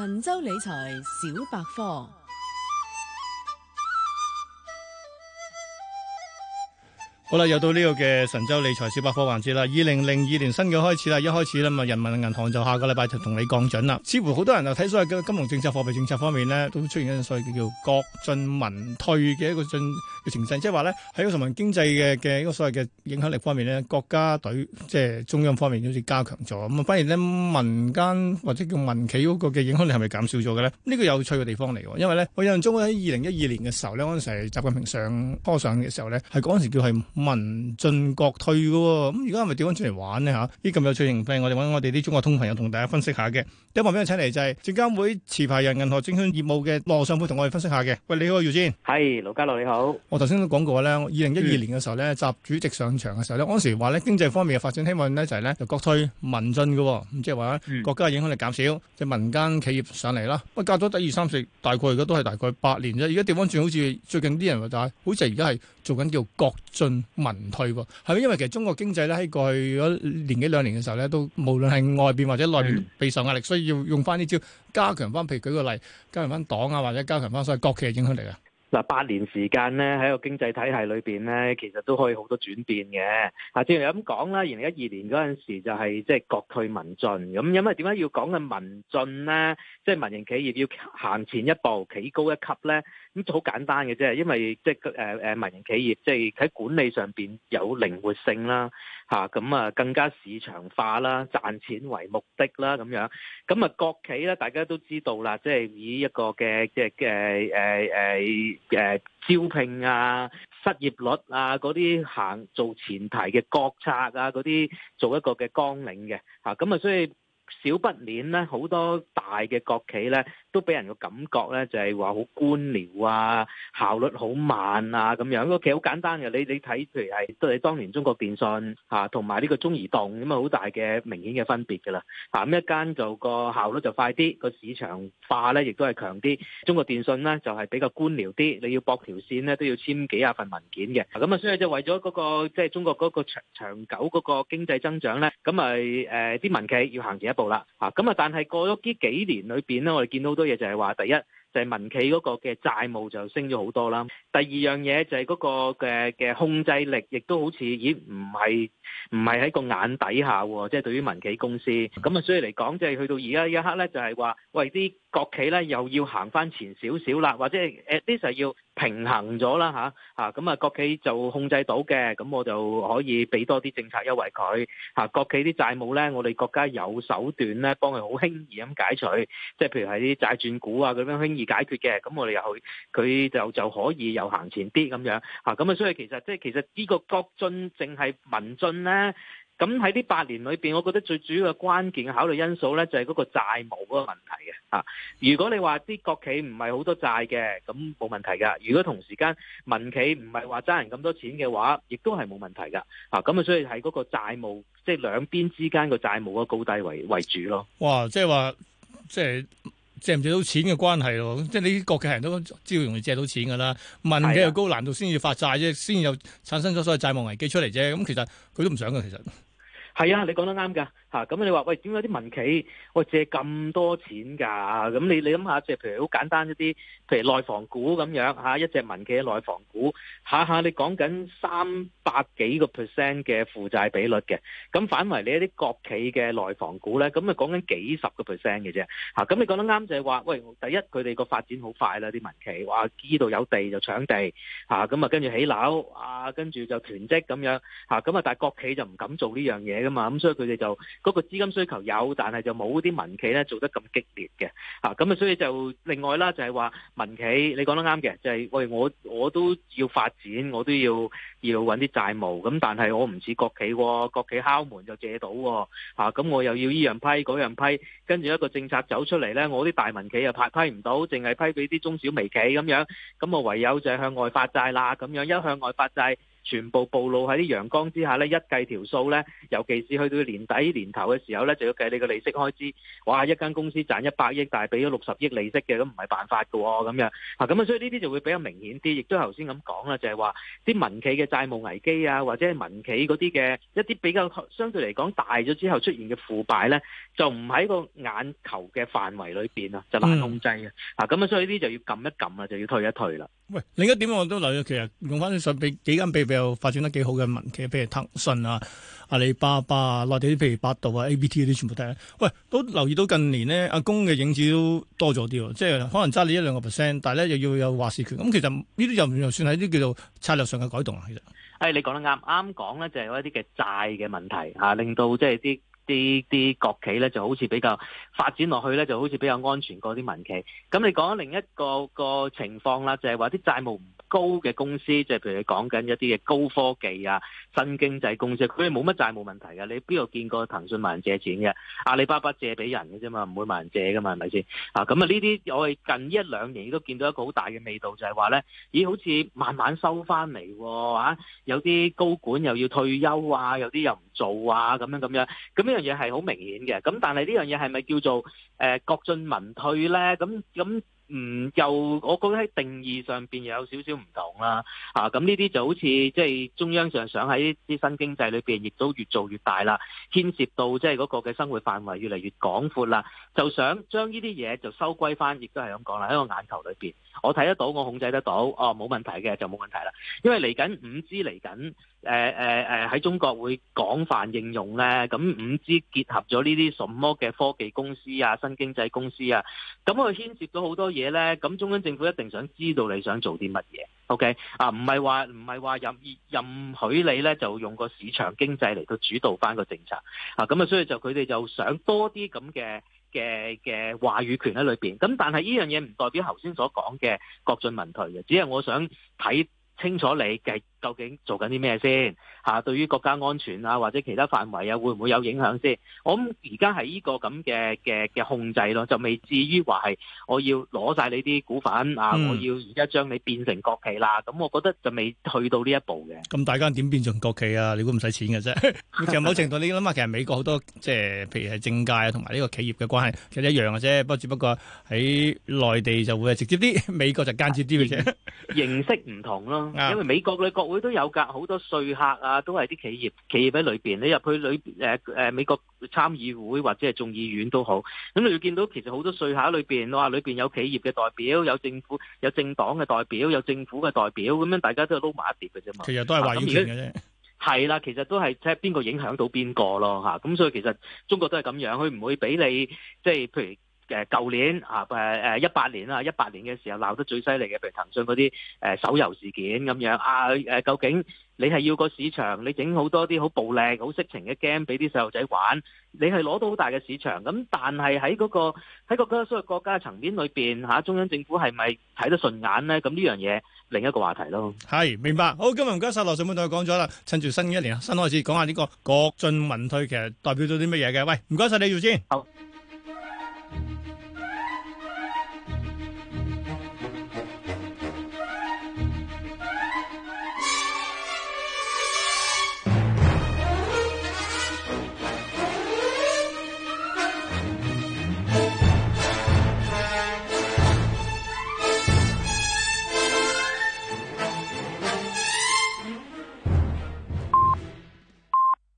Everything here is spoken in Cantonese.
神州理財小百科。好啦，又到呢個嘅神州理財小百科環節啦。二零零二年新嘅開始啦，一開始啦，人民銀行就下個禮拜就同你降準啦。似乎好多人就睇所謂嘅金融政策、貨幣政策方面呢，都出現一種所謂叫國進民退嘅一個進嘅情勢，即係話呢，喺個國民經濟嘅嘅一個所謂嘅影響力方面呢，國家隊即係中央方面好似加強咗，咁啊反而呢民間或者叫民企嗰個嘅影響力係咪減少咗嘅呢？呢個有趣嘅地方嚟，因為呢，我印象中喺二零一二年嘅時候呢，嗰陣時係習近平上坡上嘅時候呢，係嗰陣時叫係。民進國退嘅，咁而家係咪調翻轉嚟玩呢？吓，啲咁有趣嘅嘢，我哋揾我哋啲中國通朋友同大家分析下嘅。第一個朋友請嚟就係證監會持牌人、銀河證券業務嘅羅尚沛，同我哋分析下嘅。喂，你好，余先，係，盧家樂你好。我頭先都講過咧，二零一二年嘅時候咧，嗯、習主席上場嘅時候咧，嗰陣時話咧經濟方面嘅發展希望咧就係咧就國退民進嘅，咁即係話咧國家嘅影響力減少，即係民間企業上嚟啦。不過，隔咗第二三四，4, 大概而家都係大概八年啫。而家調翻轉好似最近啲人話就係，好似而家係做緊叫國進。民退喎，係咪因為其實中國經濟咧喺過去一年幾兩年嘅時候咧，都無論係外邊或者內邊都備受壓力，所以要用翻啲招加強翻，譬如舉個例，加強翻黨啊，或者加強翻所謂國企嘅影響力啊。嗱八年時間咧，喺個經濟體系裏邊咧，其實都可以好多轉變嘅。啊，正如咁講啦，二零一二年嗰陣時就係即係國退民進，咁因為點解要講嘅民進咧？即係民營企業要行前一步、企高一級咧？咁就好簡單嘅啫，因為即係誒誒民營企業即係喺管理上邊有靈活性啦，嚇咁啊更加市場化啦、賺錢為目的啦咁樣。咁啊國企咧，大家都知道啦，即係以一個嘅嘅嘅誒誒。就是欸欸誒，招聘啊、失業率啊嗰啲行做前提嘅國策啊，嗰啲做一個嘅綱領嘅吓。咁啊所以。小不年咧，好多大嘅國企咧，都俾人嘅感覺咧，就係話好官僚啊，效率好慢啊咁樣。個企好簡單嘅，你你睇譬如係對當年中國電信嚇，同埋呢個中移動咁啊，好大嘅明顯嘅分別㗎啦咁一間就個效率就快啲，個市場化咧，亦都係強啲。中國電信咧就係比較官僚啲，你要博條線咧都要簽幾啊份文件嘅。咁啊，所以就為咗嗰、那個即係、就是、中國嗰個長,長久嗰個經濟增長咧，咁咪誒啲民企要行前一啦，啊，咁啊，但係過咗呢幾年裏邊咧，我哋見到好多嘢就係話，第一就係民企嗰個嘅債務就升咗好多啦。第二樣嘢就係嗰個嘅嘅控制力，亦都好似已唔係唔係喺個眼底下，即係對於民企公司。咁啊，所以嚟講，就係去到而家一刻咧，就係話，喂，啲國企咧又要行翻前少少啦，或者係誒啲時候要。平衡咗啦吓，嚇咁啊國企就控制到嘅，咁我就可以俾多啲政策優惠佢吓，國企啲債務咧，我哋國家有手段咧，幫佢好輕易咁解除，即係譬如係啲債轉股啊咁樣輕易解決嘅。咁我哋又去佢就就可以又行前啲咁樣吓，咁啊，所以其實即係其實呢個國進淨係民進咧。咁喺呢八年裏邊，我覺得最主要嘅關鍵嘅考慮因素咧，就係嗰個債務嗰個問題嘅嚇。如果你話啲國企唔係好多債嘅，咁冇問題噶。如果同時間民企唔係話爭人咁多錢嘅話，亦都係冇問題噶。嚇咁啊，所以係嗰個債務即係兩邊之間嘅債務嗰個高低為為主咯。哇！即係話即係借唔借到錢嘅關係咯。即係你啲國企人都知道容易借到錢噶啦，民企又高難度先至發債啫，先的有產生咗所謂債務危機出嚟啫。咁其實佢都唔想噶，其實。係啊，你講得啱噶。嚇咁、啊、你話喂點解啲民企喂借咁多錢㗎？咁你你諗下借，譬如好簡單一啲，譬如內房股咁樣嚇、啊，一隻民企嘅內房股，下、啊、下、啊、你講緊三百幾個 percent 嘅負債比率嘅，咁反為你一啲國企嘅內房股咧，咁咪講緊幾十個 percent 嘅啫嚇。咁、啊、你講得啱就係話，喂，第一佢哋個發展好快啦，啲、啊、民企，哇，呢度有地就搶地嚇，咁啊跟住起樓啊，跟住、啊、就囤積咁樣嚇，咁啊,啊但係國企就唔敢做呢樣嘢噶嘛，咁所以佢哋就。嗰個資金需求有，但係就冇啲民企咧做得咁激烈嘅嚇，咁啊所以就另外啦，就係話民企你講得啱嘅，就係喂我我都要發展，我都要要揾啲債務，咁但係我唔似國企喎，國企敲門就借到喎嚇，咁我又要依樣批嗰樣批，跟住一個政策走出嚟呢，我啲大民企又拍批唔到，淨係批俾啲中小微企咁樣，咁啊唯有就係向外發債啦，咁樣一向外發債。全部暴露喺啲陽光之下咧，一計條數咧，尤其是去到年底年頭嘅時候咧，就要計你個利息開支。哇！一間公司賺一百億，但係俾咗六十億利息嘅，都唔係辦法㗎喎、哦，咁樣啊，咁啊，所以呢啲就會比較明顯啲。亦都頭先咁講啦，就係話啲民企嘅債務危機啊，或者民企嗰啲嘅一啲比較相對嚟講大咗之後出現嘅腐敗咧，就唔喺個眼球嘅範圍裏面啊，就難控制啊。咁、嗯、啊，所以呢啲就要撳一撳啊，就要退一退啦。喂，另一點我都留意，其實用翻去上俾幾間被比又發展得幾好嘅民企，譬如騰訊啊、阿里巴巴啊、內地啲譬如百度啊、A B T 啲全部睇。喂，都留意到近年呢，阿公嘅影子都多咗啲喎，即係可能揸你一兩個 percent，但係咧又要有話事權。咁、嗯、其實呢啲又唔又算係啲叫做策略上嘅改動啦、啊。其實，誒，你講得啱，啱講咧就係一啲嘅債嘅問題、啊、令到即係啲。啲啲國企咧就好似比較發展落去咧就好似比較安全過啲民企，咁你講另一個個情況啦，就係話啲債務高嘅公司，即係譬如你講緊一啲嘅高科技啊、新經濟公司，佢哋冇乜債務問題嘅。你邊度見過騰訊問人借錢嘅？阿里巴巴借俾人嘅啫嘛，唔會問人借噶嘛，係咪先？啊，咁啊呢啲我哋近一兩年亦都見到一個好大嘅味道，就係話咧，咦，好似慢慢收翻嚟，啊、喎、啊。有啲高管又要退休啊，有啲又唔做啊，咁樣咁樣。咁呢樣嘢係好明顯嘅。咁但係呢樣嘢係咪叫做誒、呃、國進民退咧？咁咁。唔、嗯、又我覺得喺定義上面又有少少唔同啦，咁呢啲就好似即係中央上想喺啲新經濟裏面亦都越做越大啦，牽涉到即係嗰個嘅生活範圍越嚟越廣闊啦，就想將呢啲嘢就收歸翻，亦都係咁講啦，喺我眼球裏面，我睇得到，我控制得到，哦、啊、冇問題嘅就冇問題啦，因為嚟緊五 G，嚟緊。誒誒誒，喺、呃呃呃、中國會廣泛應用咧，咁 5G 結合咗呢啲什麼嘅科技公司啊、新經濟公司啊，咁佢牽涉到好多嘢咧，咁中央政府一定想知道你想做啲乜嘢，OK 啊？唔係話唔係話任任許你咧，就用個市場經濟嚟到主導翻個政策啊！咁啊，所以就佢哋就想多啲咁嘅嘅嘅話語權喺裏邊。咁但係呢樣嘢唔代表頭先所講嘅國進民退嘅，只係我想睇清楚你嘅。究竟做緊啲咩先嚇？對於國家安全啊，或者其他範圍啊，會唔會有影響先、啊？我諗而家喺呢個咁嘅嘅嘅控制咯，就未至於話係我要攞晒你啲股份啊！嗯、我要而家將你變成國企啦、啊。咁、嗯、我覺得就未去到呢一步嘅。咁大家點變成國企啊？你估唔使錢嘅啫？ 其實某程度你諗下其實美國好多即係譬如係政界啊，同埋呢個企業嘅關係其實一樣嘅啫，不只不過喺內地就會直接啲，美國就間接啲嘅啫。形式唔同咯，因為美國咧、啊、國。會都有㗎，好多說客啊，都係啲企業企業喺裏邊。你入去裏誒誒美國參議會或者係眾議院都好，咁你會見到其實好多說客裏邊，哇，裏邊有企業嘅代表，有政府有政黨嘅代表，有政府嘅代表，咁樣大家都係撈埋一碟㗎啫嘛。其實都係話事嘅啫，係啦，其實都係即係邊個影響到邊個咯嚇。咁所以其實中國都係咁樣，佢唔會俾你即係譬如。誒，舊年啊，誒誒，一八年啦，一八年嘅時候鬧得最犀利嘅，譬如騰訊嗰啲誒手遊事件咁樣啊，誒，究竟你係要個市場，你整好多啲好暴力、好色情嘅 game 俾啲細路仔玩，你係攞到好大嘅市場，咁但係喺嗰個喺個所謂國家層面裏邊吓，中央政府係咪睇得順眼咧？咁呢樣嘢，另一個話題咯。係明白，好，今日唔該晒羅尚沛同我講咗啦，趁住新一年、新開始，講下呢個國進民退，其實代表咗啲乜嘢嘅？喂，唔該晒你，耀先。